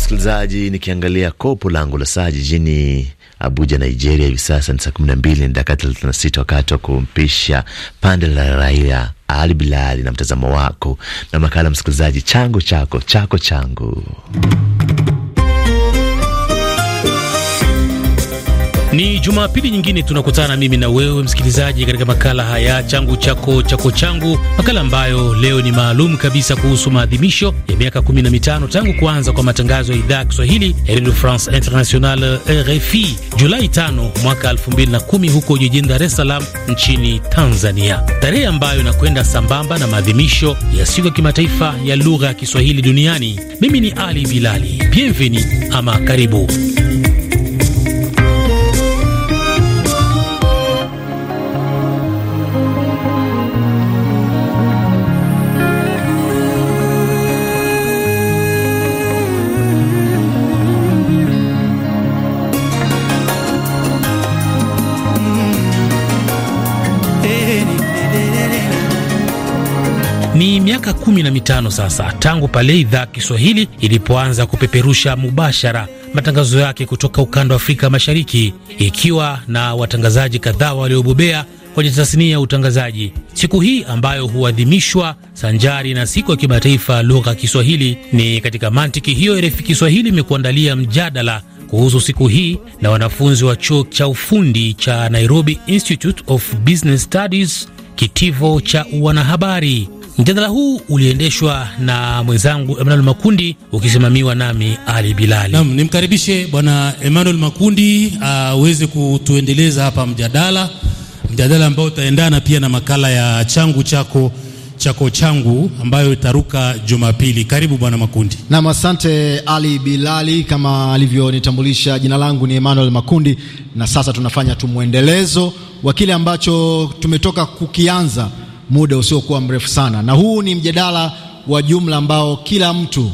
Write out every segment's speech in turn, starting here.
msikilizaji, nikiangalia kopo langu la saa jijini Abuja, Nigeria, hivi sasa ni saa kumi na mbili na dakika thelathini na sita wakati wa kumpisha pande la raia Ali Bilali na mtazamo wako na makala msikilizaji, changu chako chako changu Ni Jumapili nyingine tunakutana mimi na wewe msikilizaji, katika makala haya changu chako chako changu, makala ambayo leo ni maalum kabisa kuhusu maadhimisho ya miaka 15 tangu kuanza kwa matangazo ya idhaa ya Kiswahili ya Radio France International RFI Julai 5 mwaka 2010 huko jijini Dar es Salaam nchini Tanzania, tarehe ambayo inakwenda sambamba na maadhimisho ya siku ya kimataifa ya lugha ya Kiswahili duniani. Mimi ni Ali Bilali. Bienvenue ama karibu. miaka kumi na mitano sasa tangu pale idhaa Kiswahili ilipoanza kupeperusha mubashara matangazo yake kutoka ukanda wa Afrika Mashariki, ikiwa na watangazaji kadhaa waliobobea kwenye tasnia ya utangazaji. Siku hii ambayo huadhimishwa sanjari na siku ya kimataifa lugha ya Kiswahili, ni katika mantiki hiyo RFI Kiswahili imekuandalia mjadala kuhusu siku hii na wanafunzi wa chuo cha ufundi cha Nairobi Institute of Business Studies, kitivo cha wanahabari. Mjadala huu uliendeshwa na mwenzangu Emmanuel Makundi ukisimamiwa nami Ali Bilali. Naam, nimkaribishe Bwana Emmanuel Makundi aweze uh, kutuendeleza hapa mjadala, mjadala ambao utaendana pia na makala ya changu chako chako changu ambayo itaruka Jumapili. Karibu bwana Makundi. Naam, asante Ali Bilali, kama alivyonitambulisha, jina langu ni Emmanuel Makundi, na sasa tunafanya tu mwendelezo wa kile ambacho tumetoka kukianza muda usiokuwa mrefu sana, na huu ni mjadala wa jumla ambao kila mtu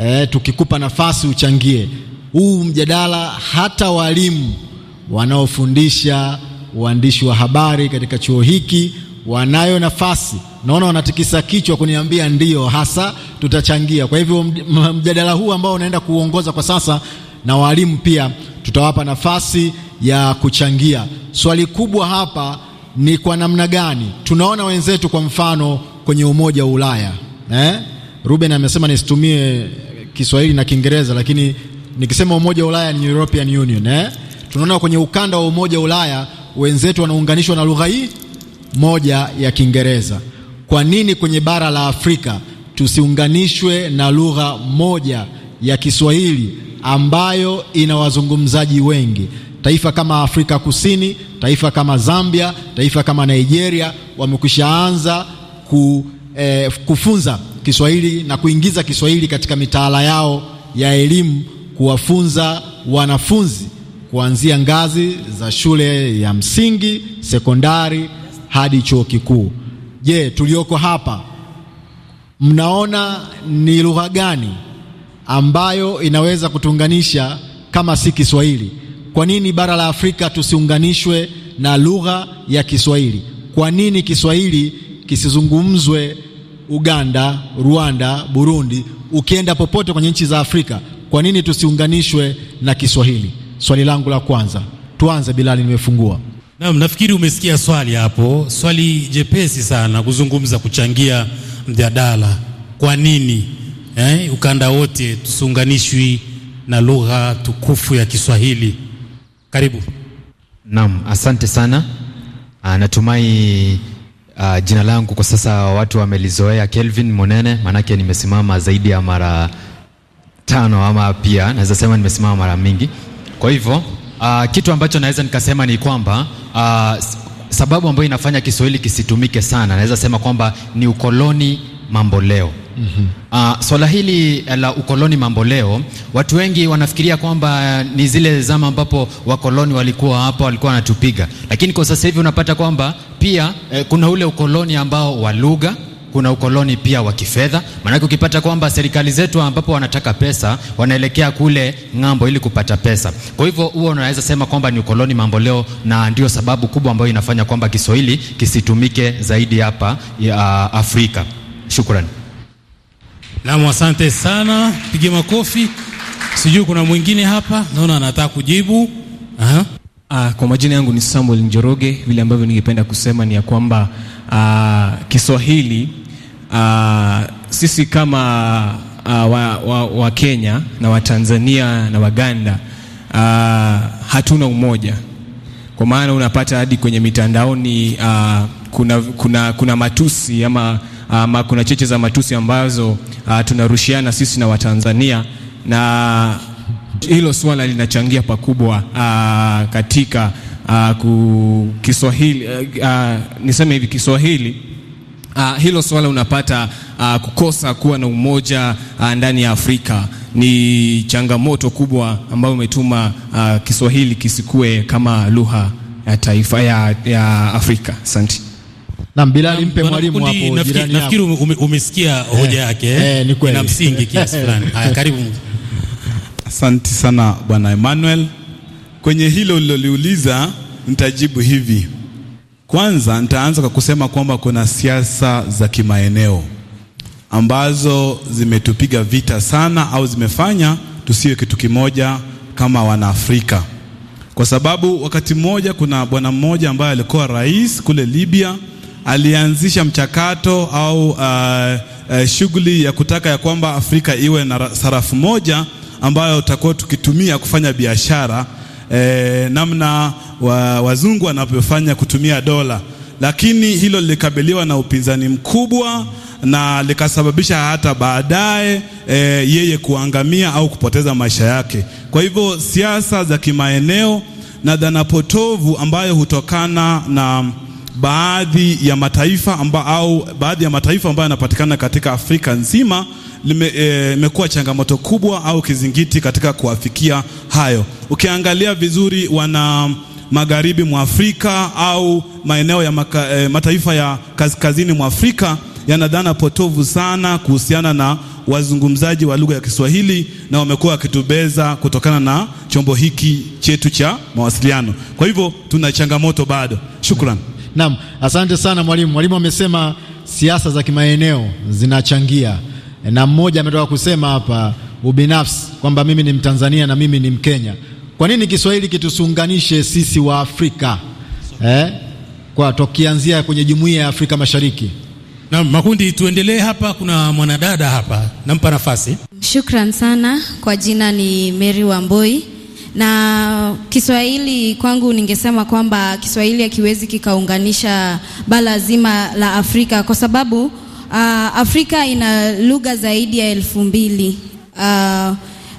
e, tukikupa nafasi uchangie huu mjadala. Hata walimu wanaofundisha uandishi wa habari katika chuo hiki wanayo nafasi, naona wanatikisa kichwa kuniambia ndiyo, hasa tutachangia. Kwa hivyo mjadala huu ambao unaenda kuuongoza kwa sasa, na walimu pia tutawapa nafasi ya kuchangia. Swali kubwa hapa ni kwa namna gani? Tunaona wenzetu kwa mfano kwenye umoja wa Ulaya eh? Ruben amesema nisitumie Kiswahili na Kiingereza, lakini nikisema umoja wa Ulaya ni European Union eh? Tunaona kwenye ukanda wa umoja wa Ulaya wenzetu wanaunganishwa na lugha hii moja ya Kiingereza. Kwa nini kwenye bara la Afrika tusiunganishwe na lugha moja ya Kiswahili ambayo ina wazungumzaji wengi? Taifa kama Afrika Kusini, taifa kama Zambia, taifa kama Nigeria wamekwishaanza ku, eh, kufunza Kiswahili na kuingiza Kiswahili katika mitaala yao ya elimu, kuwafunza wanafunzi kuanzia ngazi za shule ya msingi, sekondari hadi chuo kikuu. Je, tulioko hapa mnaona ni lugha gani ambayo inaweza kutuunganisha kama si Kiswahili? Kwa nini bara la Afrika tusiunganishwe na lugha ya Kiswahili? Kwa nini Kiswahili kisizungumzwe Uganda, Rwanda, Burundi, ukienda popote kwenye nchi za Afrika? Kwa nini tusiunganishwe na Kiswahili? Swali langu la kwanza. Tuanze Bilali, nimefungua. Naam, nafikiri umesikia swali hapo, swali jepesi sana kuzungumza, kuchangia mjadala. Kwa nini eh, ukanda wote tusiunganishwi na lugha tukufu ya Kiswahili? Karibu. Naam, asante sana. Ah, natumai Uh, jina langu kwa sasa watu wamelizoea Kelvin Monene, maanake nimesimama zaidi ya mara tano ama pia naweza sema nimesimama mara mingi. Kwa hivyo uh, kitu ambacho naweza nikasema ni kwamba uh, sababu ambayo inafanya Kiswahili kisitumike sana, naweza sema kwamba ni ukoloni mambo leo mm -hmm. Uh, swala hili la ukoloni mamboleo, watu wengi wanafikiria kwamba eh, ni zile zama ambapo wakoloni walikuwa hapa, walikuwa wanatupiga, lakini kwa sasa hivi unapata kwamba pia eh, kuna ule ukoloni ambao wa lugha kuna ukoloni pia wa kifedha, maanake ukipata kwamba serikali zetu ambapo wanataka pesa wanaelekea kule ng'ambo ili kupata pesa. Kwa hivyo huo unaweza sema kwamba ni ukoloni mamboleo, na ndio sababu kubwa ambayo inafanya kwamba Kiswahili kisitumike zaidi hapa ya Afrika. Shukrani. Naam, asante sana, pige makofi. Sijui kuna mwingine hapa, naona anataka kujibu. Aha. Uh, kwa majina yangu ni Samuel Njoroge. Vile ambavyo ningependa kusema ni ya kwamba uh, Kiswahili uh, sisi kama uh, wa, wa, wa Kenya na Watanzania na Waganda uh, hatuna umoja, kwa maana unapata hadi kwenye mitandaoni uh, kuna, kuna, kuna matusi ama ama kuna cheche za matusi ambazo a, ah, tunarushiana sisi na Watanzania na hilo swala linachangia pakubwa a, ah, katika a, ah, ku, Kiswahili a, a, niseme hivi Kiswahili Uh, hilo swala unapata uh, kukosa kuwa na umoja uh, ndani ya Afrika ni changamoto kubwa ambayo umetuma uh, Kiswahili kisikue kama lugha ya taifa ya, ya Afrika. Asante. Na Bilali mpe mwalimu hapo jirani. Nafikiri umesikia eh, hoja yake eh, eh na msingi kiasi fulani. Haya, karibu. Asante sana Bwana Emmanuel. Kwenye hilo uliloliuliza, nitajibu hivi. Kwanza nitaanza kwa kusema kwamba kuna siasa za kimaeneo ambazo zimetupiga vita sana au zimefanya tusiwe kitu kimoja kama Wanaafrika, kwa sababu wakati mmoja kuna bwana mmoja ambaye alikuwa rais kule Libya alianzisha mchakato au uh, uh, shughuli ya kutaka ya kwamba Afrika iwe na sarafu moja ambayo utakuwa tukitumia kufanya biashara eh, namna wa, wazungu wanavyofanya kutumia dola, lakini hilo lilikabiliwa na upinzani mkubwa na likasababisha hata baadaye e, yeye kuangamia au kupoteza maisha yake. Kwa hivyo siasa za kimaeneo na dhana potovu ambayo hutokana na baadhi ya mataifa amba, au baadhi ya mataifa ambayo yanapatikana katika Afrika nzima eh, imekuwa e, changamoto kubwa au kizingiti katika kuafikia hayo. Ukiangalia vizuri, wana magharibi mwa Afrika au maeneo ya maka, e, mataifa ya kaskazini mwa Afrika yana dhana potovu sana kuhusiana na wazungumzaji wa lugha ya Kiswahili na wamekuwa wakitubeza kutokana na chombo hiki chetu cha mawasiliano. Kwa hivyo tuna changamoto bado. Shukran. Naam, asante sana mwalimu. Mwalimu amesema siasa za kimaeneo zinachangia, na mmoja ametoka kusema hapa ubinafsi, kwamba mimi ni Mtanzania na mimi ni Mkenya. Kwa nini Kiswahili kitusunganishe sisi wa Afrika eh? Kwa tukianzia kwenye jumuiya ya Afrika Mashariki na makundi. Tuendelee hapa, kuna mwanadada hapa, nampa nafasi. Shukran sana, kwa jina ni Mary Wamboi na Kiswahili kwangu, ningesema kwamba Kiswahili hakiwezi kikaunganisha bara zima la Afrika kwa sababu uh, Afrika ina lugha zaidi ya elfu mbili uh,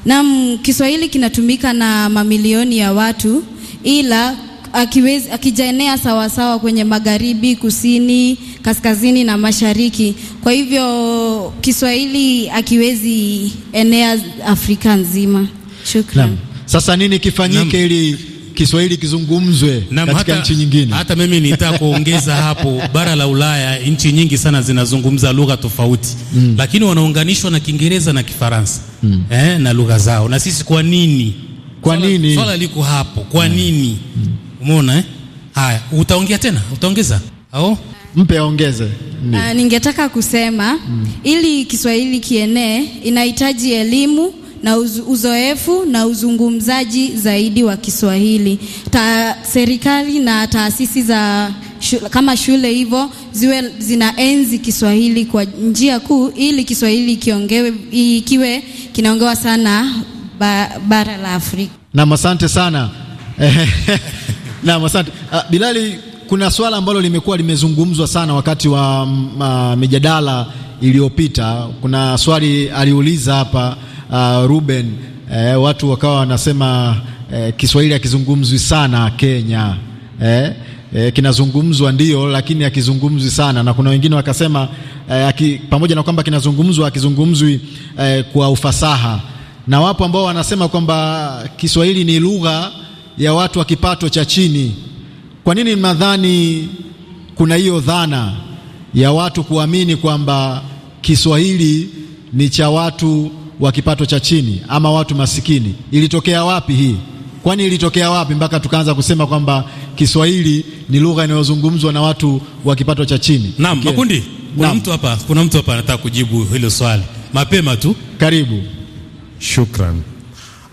nam Kiswahili kinatumika na mamilioni ya watu ila akiwezi akijaenea sawasawa kwenye magharibi, kusini, kaskazini na mashariki. Kwa hivyo Kiswahili akiwezi enea Afrika nzima. Shukran. Sasa nini kifanyike ili Kiswahili kizungumzwe katika nchi nyingine. Hata mimi nitaka kuongeza hapo, bara la Ulaya nchi nyingi sana zinazungumza lugha tofauti mm, lakini wanaunganishwa na Kiingereza na Kifaransa mm, eh, na lugha zao. Na sisi kwa nini? Kwa nini? Swala liko hapo, kwa mm. nini? Mm. Umeona eh? Haya, utaongea tena, utaongeza au mpe aongeze? Ah, ningetaka kusema mm, ili Kiswahili kienee inahitaji elimu na uzoefu na uzungumzaji zaidi wa Kiswahili. Ta, serikali na taasisi za shule, kama shule hivyo ziwe zinaenzi Kiswahili kwa njia kuu ili Kiswahili kiongewe ikiwe kinaongewa sana ba, bara la Afrika. Na asante sana. Na asante. Ah, Bilali, kuna swala ambalo limekuwa limezungumzwa sana wakati wa mm, ah, mijadala iliyopita. Kuna swali aliuliza hapa uh, Ruben eh, watu wakawa wanasema eh, Kiswahili hakizungumzwi sana Kenya eh, eh, kinazungumzwa ndio, lakini hakizungumzwi sana, na kuna wengine wakasema eh, aki, pamoja na kwamba kinazungumzwa hakizungumzwi eh, kwa ufasaha, na wapo ambao wanasema kwamba Kiswahili ni lugha ya watu wa kipato cha chini. Kwa nini madhani kuna hiyo dhana ya watu kuamini kwamba Kiswahili ni cha watu wa kipato cha chini ama watu masikini. Ilitokea wapi hii? Kwani ilitokea wapi mpaka tukaanza kusema kwamba Kiswahili ni lugha inayozungumzwa na watu wa kipato cha chini? Naam, okay. Makundi, kuna mtu hapa, kuna mtu hapa anataka kujibu hilo swali mapema tu. Karibu. Shukran.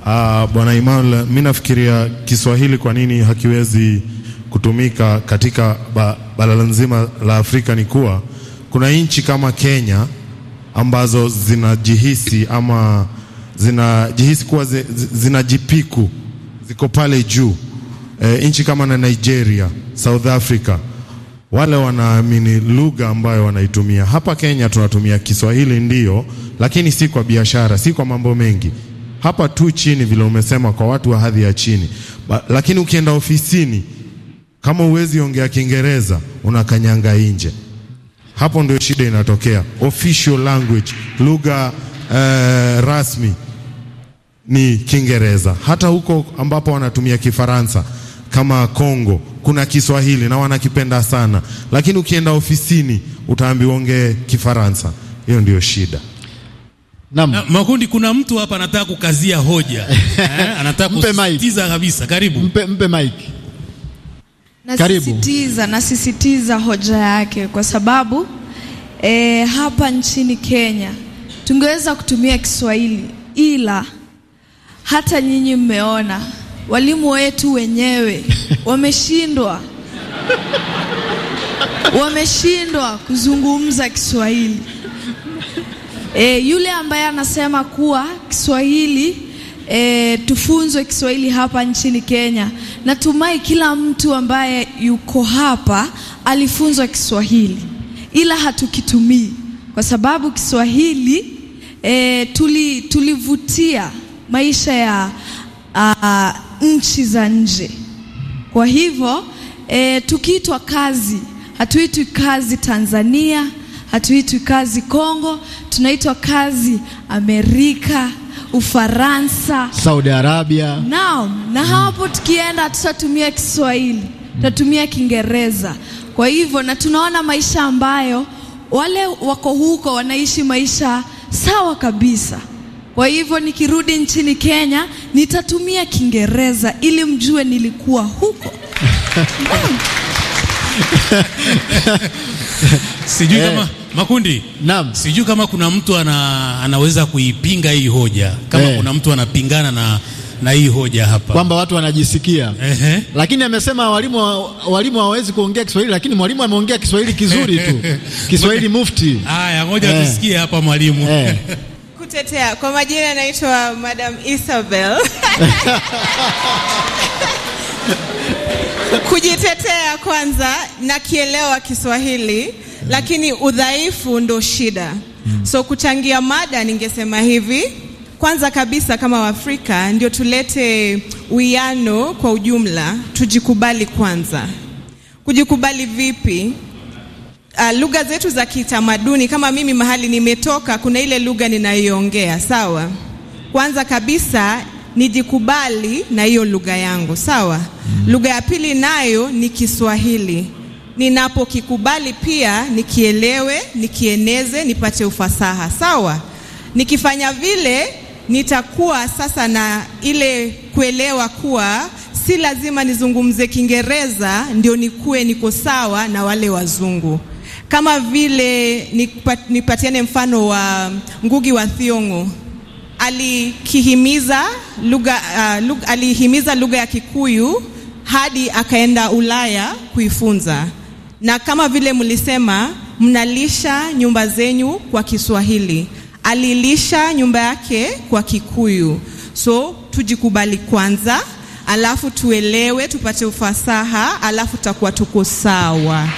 Uh, Bwana Imaul, mimi nafikiria Kiswahili kwa nini hakiwezi kutumika katika ba, bara nzima la Afrika ni kuwa kuna nchi kama Kenya ambazo zinajihisi ama zinajihisi kuwa zinajipiku ziko pale juu e, nchi kama na Nigeria, South Africa wale wanaamini lugha ambayo wanaitumia. Hapa Kenya tunatumia Kiswahili ndio lakini si kwa biashara, si kwa mambo mengi, hapa tu chini, vile umesema, kwa watu wa hadhi ya chini ba, lakini ukienda ofisini kama uwezi ongea Kiingereza unakanyanga nje. Hapo ndio shida inatokea. Official language, lugha uh, rasmi ni Kiingereza. Hata huko ambapo wanatumia Kifaransa kama Kongo kuna Kiswahili na wanakipenda sana, lakini ukienda ofisini utaambiwa ongee Kifaransa. Hiyo ndio shida. Naam. Na, makundi kuna mtu hapa anataka kukazia hoja eh, anataka kusitiza kabisa. Karibu mpe, mpe mike Nasisitiza, nasisitiza hoja yake kwa sababu e, hapa nchini Kenya tungeweza kutumia Kiswahili, ila hata nyinyi mmeona walimu wetu wenyewe wameshindwa wameshindwa kuzungumza Kiswahili. E, yule ambaye anasema kuwa Kiswahili e, tufunzwe Kiswahili hapa nchini Kenya. Natumai kila mtu ambaye yuko hapa alifunzwa Kiswahili, ila hatukitumii kwa sababu Kiswahili e, tuli, tulivutia maisha ya a, nchi za nje. Kwa hivyo e, tukiitwa kazi, hatuitwi kazi Tanzania, hatuitwi kazi Kongo, tunaitwa kazi Amerika Ufaransa, Saudi Arabia. Naam, na hapo tukienda tutatumia Kiswahili, tutatumia Kiingereza. Kwa hivyo na tunaona maisha ambayo wale wako huko wanaishi maisha sawa kabisa. Kwa hivyo nikirudi nchini Kenya nitatumia Kiingereza ili mjue nilikuwa huko. Sijui kama eh. Makundi, naam, sijui kama kuna mtu ana, anaweza kuipinga hii hoja kama eh, kuna mtu anapingana na na hii hoja hapa kwamba watu wanajisikia eh, lakini amesema walimu walimu hawawezi kuongea Kiswahili, lakini mwalimu ameongea Kiswahili kizuri tu Kiswahili mufti. Haya, ngoja eh, tusikie hapa mwalimu eh. Kutetea kwa majina anaitwa Madam Isabel kujitetea kwanza, nakielewa Kiswahili lakini udhaifu ndo shida. So kuchangia mada, ningesema hivi, kwanza kabisa kama Waafrika ndio tulete uwiano kwa ujumla, tujikubali kwanza. Kujikubali vipi? Uh, lugha zetu za kitamaduni kama mimi mahali nimetoka, kuna ile lugha ninayoongea sawa. Kwanza kabisa nijikubali na hiyo lugha yangu sawa. Lugha ya pili nayo ni Kiswahili ninapokikubali pia nikielewe, nikieneze, nipate ufasaha. Sawa, nikifanya vile nitakuwa sasa na ile kuelewa kuwa si lazima nizungumze Kiingereza ndio nikuwe niko sawa na wale wazungu. Kama vile nipatiane mfano wa Ngugi wa Thiong'o alikihimiza lugha uh, lugha, alihimiza lugha ya Kikuyu hadi akaenda Ulaya kuifunza na kama vile mlisema mnalisha nyumba zenyu kwa Kiswahili, alilisha nyumba yake kwa Kikuyu. So tujikubali kwanza, alafu tuelewe, tupate ufasaha, alafu tutakuwa tuko sawa.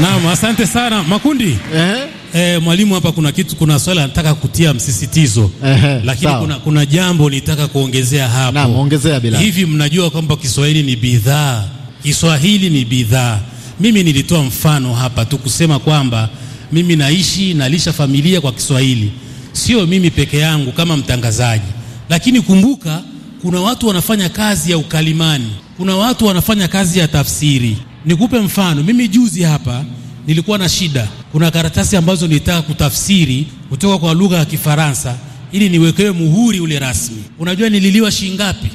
Naam, asante sana makundi eh? Eh, mwalimu hapa kuna kitu, kuna swala nataka kutia msisitizo eh, lakini kuna, kuna jambo nitaka kuongezea hapo. Naam, ongezea bila. Hivi mnajua kwamba Kiswahili ni bidhaa, Kiswahili ni bidhaa. Mimi nilitoa mfano hapa tu kusema kwamba mimi naishi nalisha familia kwa Kiswahili, sio mimi peke yangu kama mtangazaji, lakini kumbuka kuna watu wanafanya kazi ya ukalimani, kuna watu wanafanya kazi ya tafsiri. Nikupe mfano, mimi juzi hapa nilikuwa na shida. Kuna karatasi ambazo nilitaka kutafsiri kutoka kwa lugha ya Kifaransa ili niwekewe muhuri ule rasmi. Unajua nililiwa shilingi ngapi?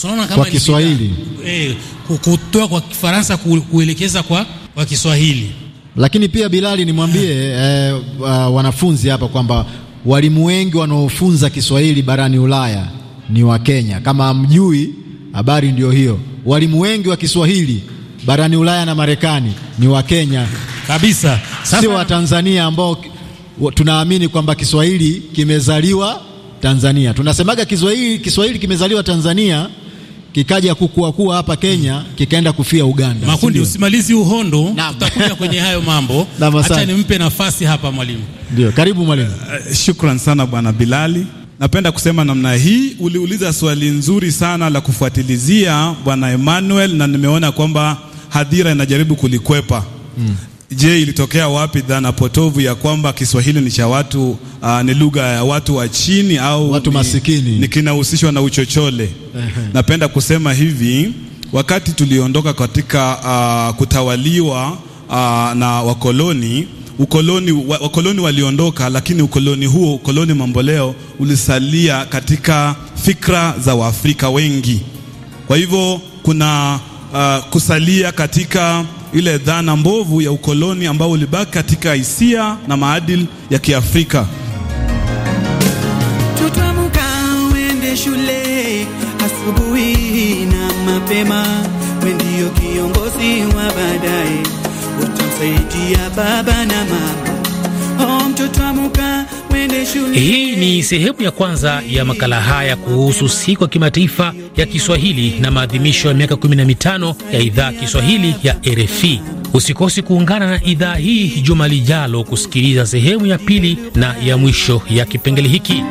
Tunaona kama kwa Kiswahili eh, kutoa kwa Kifaransa kuelekeza kwa, kwa Kiswahili. Lakini pia Bilali, nimwambie eh, eh wanafunzi hapa kwamba walimu wengi wanaofunza Kiswahili barani Ulaya ni wa Kenya. Kama mjui habari, ndio hiyo. Walimu wengi wa Kiswahili barani Ulaya na Marekani ni wa Kenya kabisa. Sasa sio Watanzania ambao tunaamini kwamba Kiswahili kimezaliwa Tanzania. Tunasemaga Kiswahili, Kiswahili kimezaliwa Tanzania kikaja kukua kuwa hapa Kenya kikaenda kufia Uganda. Makundi, usimalizi uhondo, tutakuja kwenye hayo mambo. Acha nimpe nafasi hapa mwalimu. Ndio, karibu mwalimu. Uh, shukran sana bwana Bilali. Napenda kusema namna hii, uliuliza swali nzuri sana la kufuatilizia bwana Emmanuel, na nimeona kwamba hadhira inajaribu kulikwepa mm. Je, ilitokea wapi dhana potovu ya kwamba Kiswahili ni cha watu uh, ni lugha ya watu wa chini au watu masikini, ni kinahusishwa na uchochole? Napenda kusema hivi, wakati tuliondoka katika uh, kutawaliwa uh, na wakoloni ukoloni, wakoloni waliondoka, lakini ukoloni huo, ukoloni mamboleo ulisalia katika fikra za Waafrika wengi. Kwa hivyo kuna uh, kusalia katika ile dhana mbovu ya ukoloni ambao ulibaki katika hisia na maadili ya Kiafrika. Tutamuka uende shule asubuhi na mapema, wendio kiongozi wa baadaye, utamsaidia baba na mama. Oh, mtoto amuka hii ni sehemu ya kwanza ya makala haya kuhusu siku ya kimataifa ya Kiswahili na maadhimisho ya miaka 15 ya idhaa Kiswahili ya RFI. Usikosi kuungana na idhaa hii juma lijalo kusikiliza sehemu ya pili na ya mwisho ya kipengele hiki.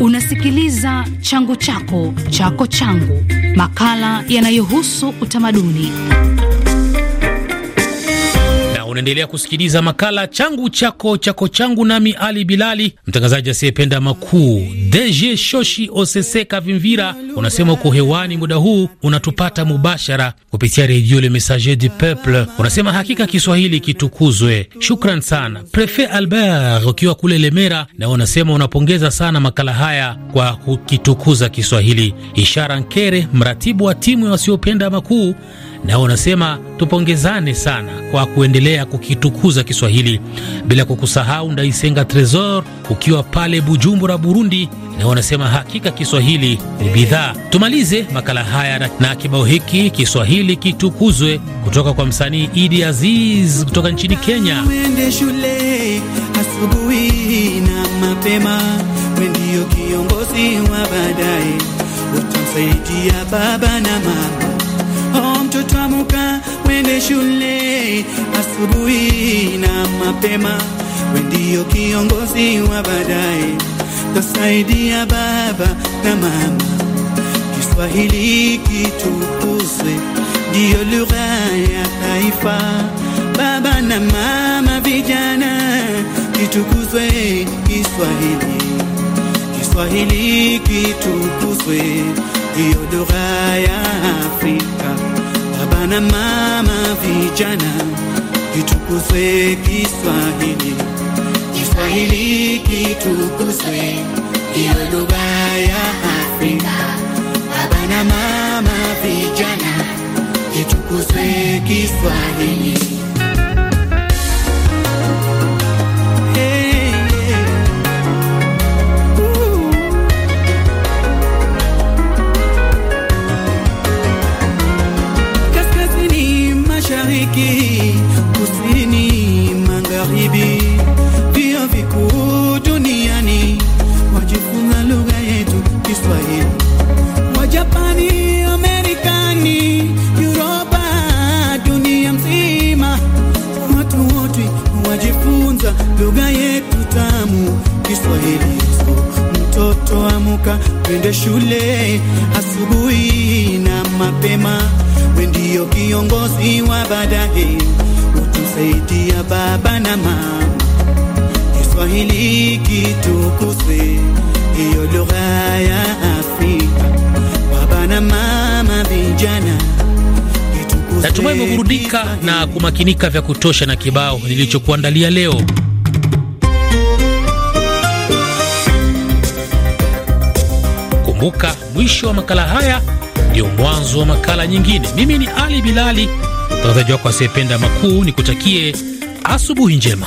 Unasikiliza changu chako chako changu, makala yanayohusu utamaduni Unaendelea kusikiliza makala changu chako chako changu, nami Ali Bilali, mtangazaji asiyependa makuu. Deje Shoshi Oseseka Vimvira unasema uko hewani muda huu, unatupata mubashara kupitia redio Le Messager du Peuple. Unasema hakika Kiswahili kitukuzwe. Shukran sana Prefe Albert ukiwa kule Lemera, na unasema unapongeza sana makala haya kwa kukitukuza Kiswahili. Ishara Nkere, mratibu wa timu ya wasiopenda makuu nao wanasema tupongezane sana kwa kuendelea kukitukuza Kiswahili, bila kukusahau Ndaisenga Tresor ukiwa pale Bujumbura, Burundi, nao wanasema hakika Kiswahili ni bidhaa. Tumalize makala haya na kibao hiki Kiswahili kitukuzwe kutoka kwa msanii Idi Aziz kutoka nchini Kenya. Mwende shule asubuhi na mapema, ndio kiongozi wa baadaye, utamsaidia baba na mama mtoto amuka wende shule asubuhi na mapema, we ndio kiongozi wa baadaye, tasaidia baba na mama. Kiswahili kitukuzwe, ndiyo lugha ya taifa. Baba na mama, vijana, kitukuzwe Kiswahili, Kiswahili kitukuzwe Yodora ya Afrika, baba na mama, vijana, kitukuzwe Kiswahili, Kiswahili kitukuzwe, Yodora ya Afrika, baba na mama, vijana, kitukuzwe Kiswahili. hiyo lugha ya Afrika, baba na mama, vijana. Natumai umeburudika na kumakinika vya kutosha na kibao nilichokuandalia leo. Kumbuka, mwisho wa makala haya ndio mwanzo wa makala nyingine. Mimi ni Ali Bilali, mtangazaji wako asiyependa makuu, nikutakie asubuhi njema.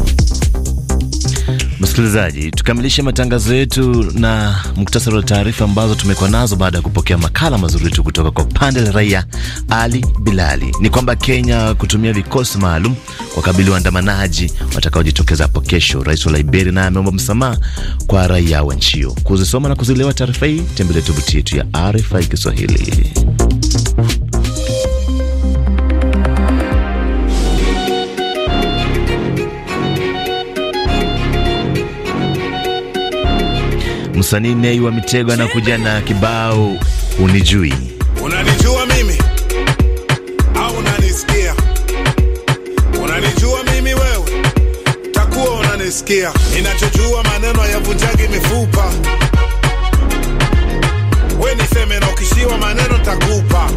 Msikilizaji, tukamilishe matangazo yetu na muktasari wa taarifa ambazo tumekuwa nazo baada ya kupokea makala mazuri tu kutoka kwa pande la raia Ali Bilali. Ni kwamba Kenya kutumia vikosi maalum kwa kabili waandamanaji watakaojitokeza hapo kesho. Rais wa Liberia naye ameomba msamaha kwa raia wa nchi hiyo. Kuzisoma na kuzielewa taarifa hii, tembelea tovuti yetu ya RFI Kiswahili. msanii Nei wa Mitego anakuja na kibao unijui. Unanijua mimi au unanisikia? Unanijua mimi wewe, takuwa unanisikia. Ninachojua maneno yavunjagi mifupa, we niseme na ukishiwa maneno takupa.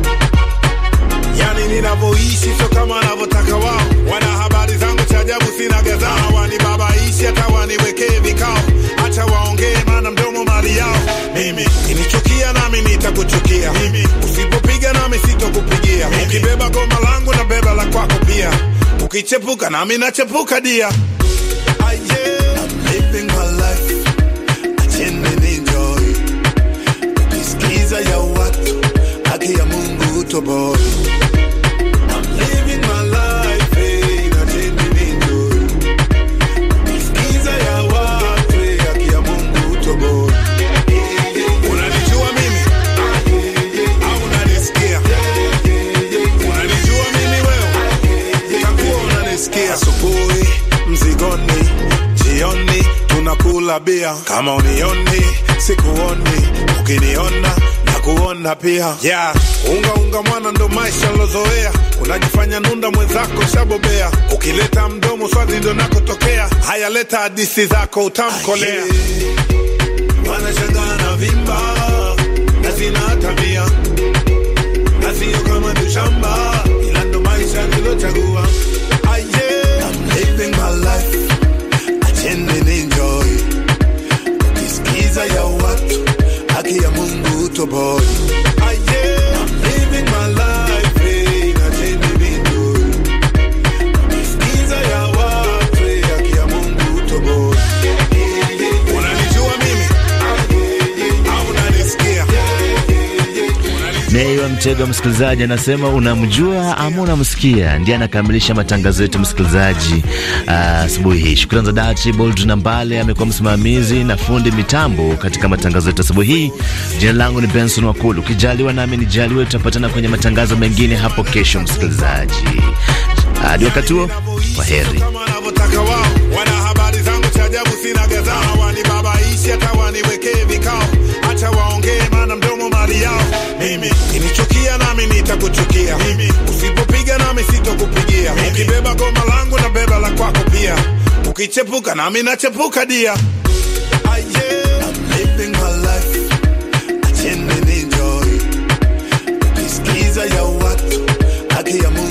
Yani ninavyoishi sio kama wanavyotaka wao, wana habari zangu cha ajabu, sina wani wanibabaishi hata waniwekee vikao, acha waongee maana mali yao. Mimi kinichukia nami nitakuchukia, usipopiga nami sitokupigia, ukibeba goma langu na beba la kwako pia, ukichepuka nami nachepuka dia. Ukisikiza ya watu, haki ya Mungu utoboi la bia. Kama unioni sikuoni, ukiniona na kuona pia yeah. Unga unga mwana, ndo maisha lozoea Unajifanya nunda, mwenzako shabobea. Ukileta mdomo swazi ndo nakotokea. Haya, leta hadisi zako, utamkolea wanashangana na vimba na maisha haki ya Mungu toboi Mtego msikilizaji anasema unamjua ama unamsikia? Ndiye anakamilisha matangazo yetu msikilizaji uh, asubuhi uh, hii. Shukrani za dhati Bold na Mbale, amekuwa msimamizi na fundi mitambo katika matangazo yetu asubuhi hii. Jina langu ni Benson Wakulu, ukijaliwa nami nijaliwe, tutapatana kwenye matangazo mengine hapo kesho msikilizaji. Hadi wakati huo, kwa heri. acha waongee, maana mdomo safari yao. Mimi kinichukia nami nitakuchukia, mimi usipopiga nami sitokupigia, ukibeba goma langu na beba la kwako pia, ukichepuka nami nachepuka dia ya watu